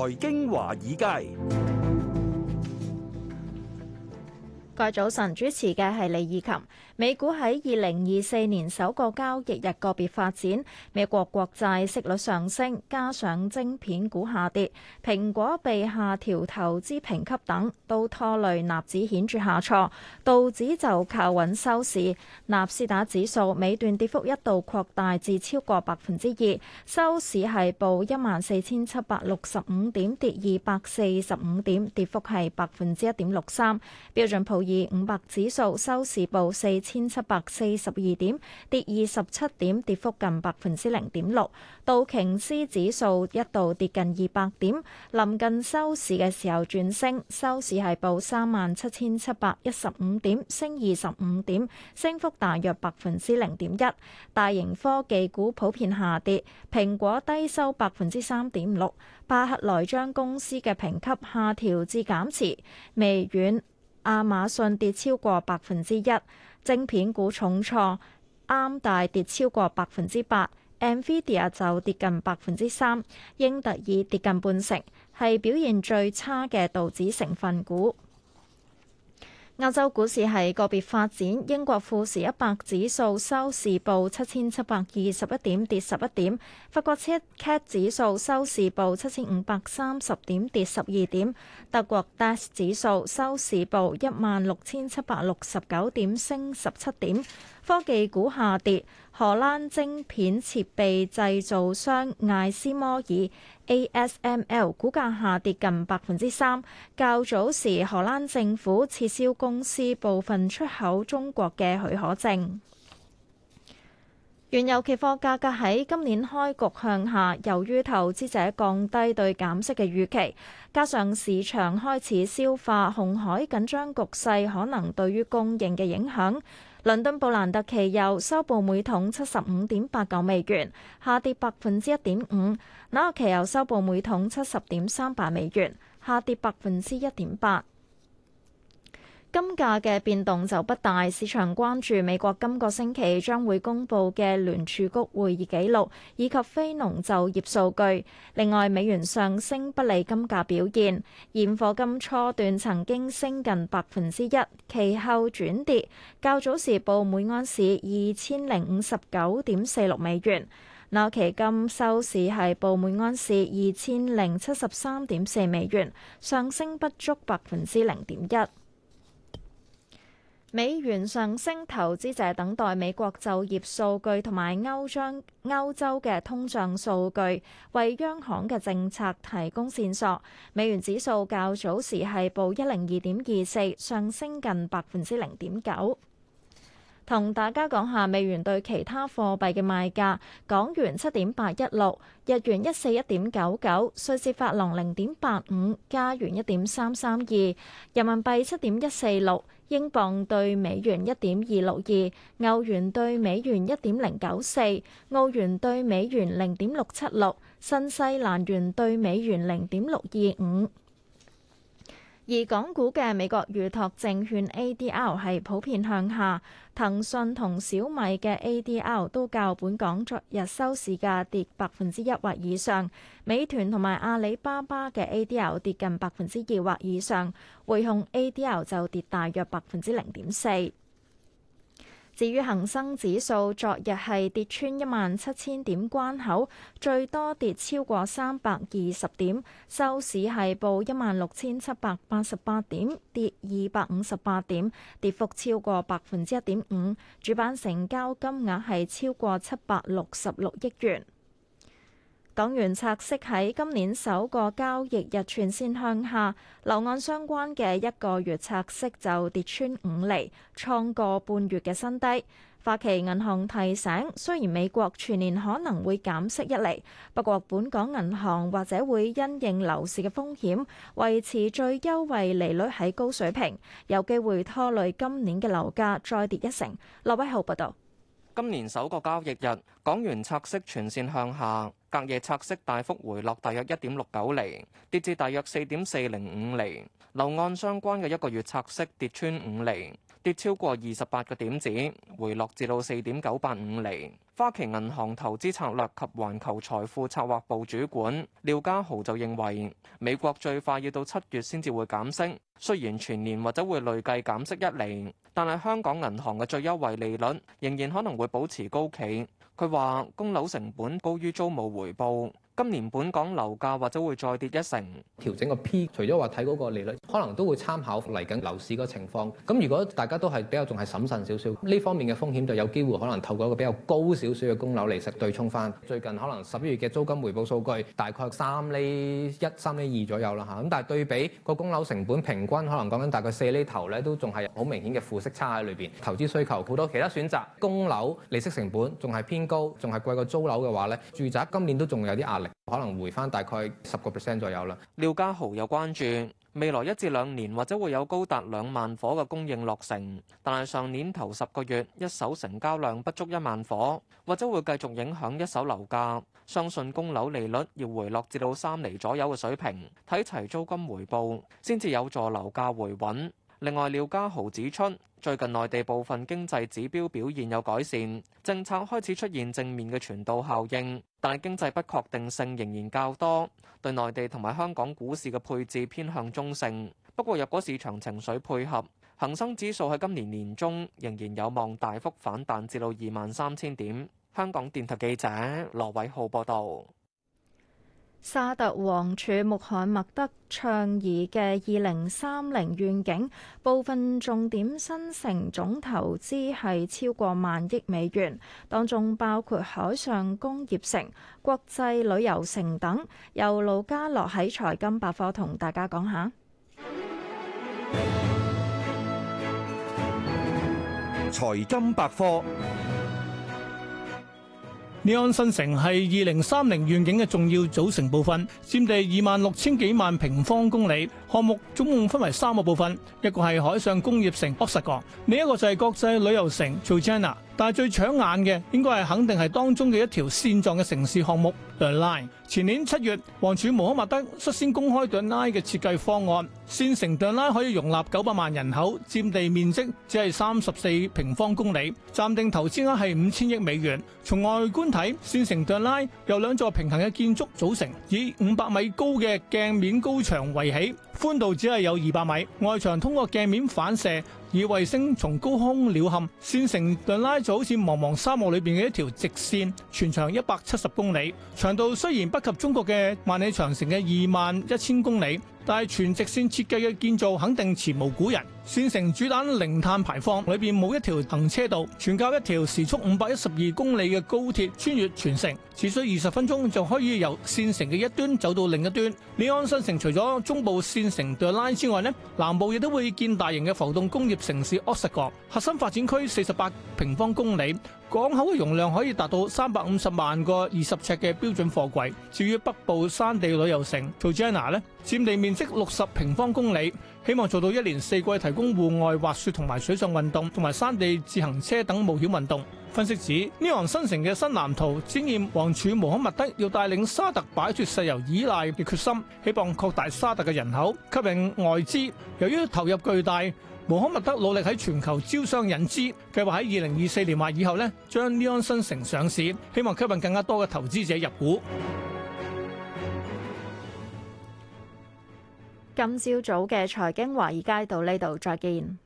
財經華爾街，各位早晨，主持嘅係李綺琴。美股喺二零二四年首個交易日個別發展，美國國債息率上升，加上晶片股下跌，蘋果被下調投資評級等，都拖累納指顯著下挫，道指就靠穩收市。納斯達指數尾段跌幅一度擴大至超過百分之二，收市係報一萬四千七百六十五點，跌二百四十五點，跌幅係百分之一點六三。標準普爾五百指數收市報四。千七百四十二點，跌二十七點，跌幅近百分之零點六。道瓊斯指數一度跌近二百點，臨近收市嘅時候轉升，收市係報三萬七千七百一十五點，升二十五點，升幅大約百分之零點一。大型科技股普遍下跌，蘋果低收百分之三點六。巴克萊將公司嘅評級下調至減持，微軟、亞馬遜跌超過百分之一。晶片股重挫，AMD 跌超過百分之八，Nvidia 就跌近百分之三，英特爾跌近半成，係表現最差嘅道指成分股。亞洲股市係個別發展，英國富時一百指數收市報七千七百二十一點，跌十一點；法國 CAC 指數收市報七千五百三十點，跌十二點；德國 DAX 指數收市報一萬六千七百六十九點，升十七點。科技股下跌，荷蘭晶片設備製造商艾斯摩爾。ASML 股價下跌近百分之三。較早時，荷蘭政府撤銷公司部分出口中國嘅許可證。原油期貨價格喺今年開局向下，由於投資者降低對減息嘅預期，加上市場開始消化紅海緊張局勢可能對於供應嘅影響。倫敦布蘭特期油收報每桶七十五點八九美元，下跌百分之一點五；紐約期油收報每桶七十點三八美元，下跌百分之一點八。金價嘅變動就不大，市場關注美國今個星期將會公佈嘅聯儲局會議記錄以及非農就業數據。另外，美元上升不利金價表現。現貨金初段曾經升近百分之一，其後轉跌。較早時報每安士二千零五十九點四六美元，那期金收市係報每安士二千零七十三點四美元，上升不足百分之零點一。美元上升，投資者等待美國就業數據同埋歐張歐洲嘅通脹數據為央行嘅政策提供線索。美元指數較早時係報一零二點二四，上升近百分之零點九。同大家講下美元對其他貨幣嘅賣價，港元七點八一六，日元一四一點九九，瑞士法郎零點八五，加元一點三三二，人民幣七點一四六。英鎊兌美元一點二六二，歐元兌美元一點零九四，澳元兌美元零點六七六，新西蘭元兌美元零點六二五。而港股嘅美國預託證券 ADR 係普遍向下，騰訊同小米嘅 ADR 都較本港昨日收市價跌百分之一或以上，美團同埋阿里巴巴嘅 ADR 跌近百分之二或以上，匯控 ADR 就跌大約百分之零點四。至於恆生指數，昨日係跌穿一萬七千點關口，最多跌超過三百二十點，收市係報一萬六千七百八十八點，跌二百五十八點，跌幅超過百分之一點五。主板成交金額係超過七百六十六億元。港元拆息喺今年首個交易日全線向下，樓按相關嘅一個月拆息就跌穿五厘，創過半月嘅新低。花旗銀行提醒，雖然美國全年可能會減息一厘，不過本港銀行或者會因應樓市嘅風險，維持最優惠利率喺高水平，有機會拖累今年嘅樓價再跌一成。劉威豪報道，今年首個交易日，港元拆息全線向下。隔夜拆息大幅回落，大約一點六九厘跌至大約四點四零五厘，樓按相關嘅一個月拆息跌穿五厘，跌超過二十八個點子，回落至到四點九八五厘。花旗銀行投資策略及環球財富策劃部主管廖家豪就認為美國最快要到七月先至會減息，雖然全年或者會累計減息一厘，但係香港銀行嘅最優惠利率仍然可能會保持高企。佢話供樓成本高於租務回報。今年本港樓價或者會再跌一成，調整個 P。除咗話睇嗰個利率，可能都會參考嚟緊樓市個情況。咁如果大家都係比較仲係審慎少少，呢方面嘅風險就有機會可能透過一個比較高少少嘅供樓利息對沖翻。最近可能十一月嘅租金回報數據大概三厘一、三厘二左右啦嚇。咁但係對比個供樓成本平均可能講緊大概四厘頭咧，都仲係好明顯嘅負息差喺裏邊。投資需求好多，其他選擇供樓利息成本仲係偏高，仲係貴過租樓嘅話咧，住宅今年都仲有啲壓力。可能回翻大概十個 percent 左右啦。廖家豪又關注未來一至兩年或者會有高達兩萬伙嘅供應落成，但係上年頭十個月一手成交量不足一萬伙，或者會繼續影響一手樓價。相信供樓利率要回落至到三厘左右嘅水平，睇齊租金回報先至有助樓價回穩。另外，廖家豪指出，最近內地部分經濟指標表現有改善，政策開始出現正面嘅傳導效應，但係經濟不確定性仍然較多，對內地同埋香港股市嘅配置偏向中性。不過若果市場情緒配合，恒生指數喺今年年中仍然有望大幅反彈至到二萬三千點，香港電台記者羅偉浩報道。沙特王儲穆罕默德倡議嘅二零三零願景，部分重點新城總投資係超過萬億美元，當中包括海上工業城、國際旅遊城等。由盧嘉樂喺財金百科同大家講下。財金百科。尼安新城係二零三零願景嘅重要組成部分，佔地二萬六千幾萬平方公里。項目總共分為三個部分，一個係海上工業城 Oxagon，另一個就係國際旅遊城 Trojena。但係最搶眼嘅，應該係肯定係當中嘅一條線狀嘅城市項目，The Line。前年七月，王儲穆罕默德率先公開 The Line 嘅設計方案。線城 The Line 可以容納九百萬人口，佔地面積只係三十四平方公里，暫定投資額係五千億美元。從外觀睇，線城 The Line 由兩座平行嘅建築組成，以五百米高嘅鏡面高牆圍起。寬度只係有二百米，外牆通過鏡面反射，以衛星從高空鳥瞰，線成度拉就好似茫茫沙漠裏邊嘅一條直線，全長一百七十公里。長度雖然不及中國嘅萬里長城嘅二萬一千公里，但係全直線設計嘅建造肯定前無古人。線城主打零碳排放，裏邊冇一條行車道，全靠一條時速五百一十二公里嘅高鐵穿越全城，只需二十分鐘就可以由線城嘅一端走到另一端。李安新城除咗中部線城 The Line 之外，呢南部亦都會建大型嘅浮動工業城市 Oxagon 核心發展區四十八平方公里。港口嘅容量可以達到三百五十萬個二十尺嘅標準貨櫃。至於北部山地旅遊城 Tajna 咧，占地面積六十平方公里，希望做到一年四季提供戶外滑雪同埋水上運動同埋山地自行車等冒險運動。分析指呢項新城嘅新藍圖展現王儲穆罕默德要帶領沙特擺脱石油依賴嘅決心，希望擴大沙特嘅人口，吸引外資，由於投入巨大。摩可密德努力喺全球招商引資，計劃喺二零二四年或以後咧，將呢將安新城上市，希望吸引更加多嘅投資者入股。今朝早嘅財經華爾街到呢度再見。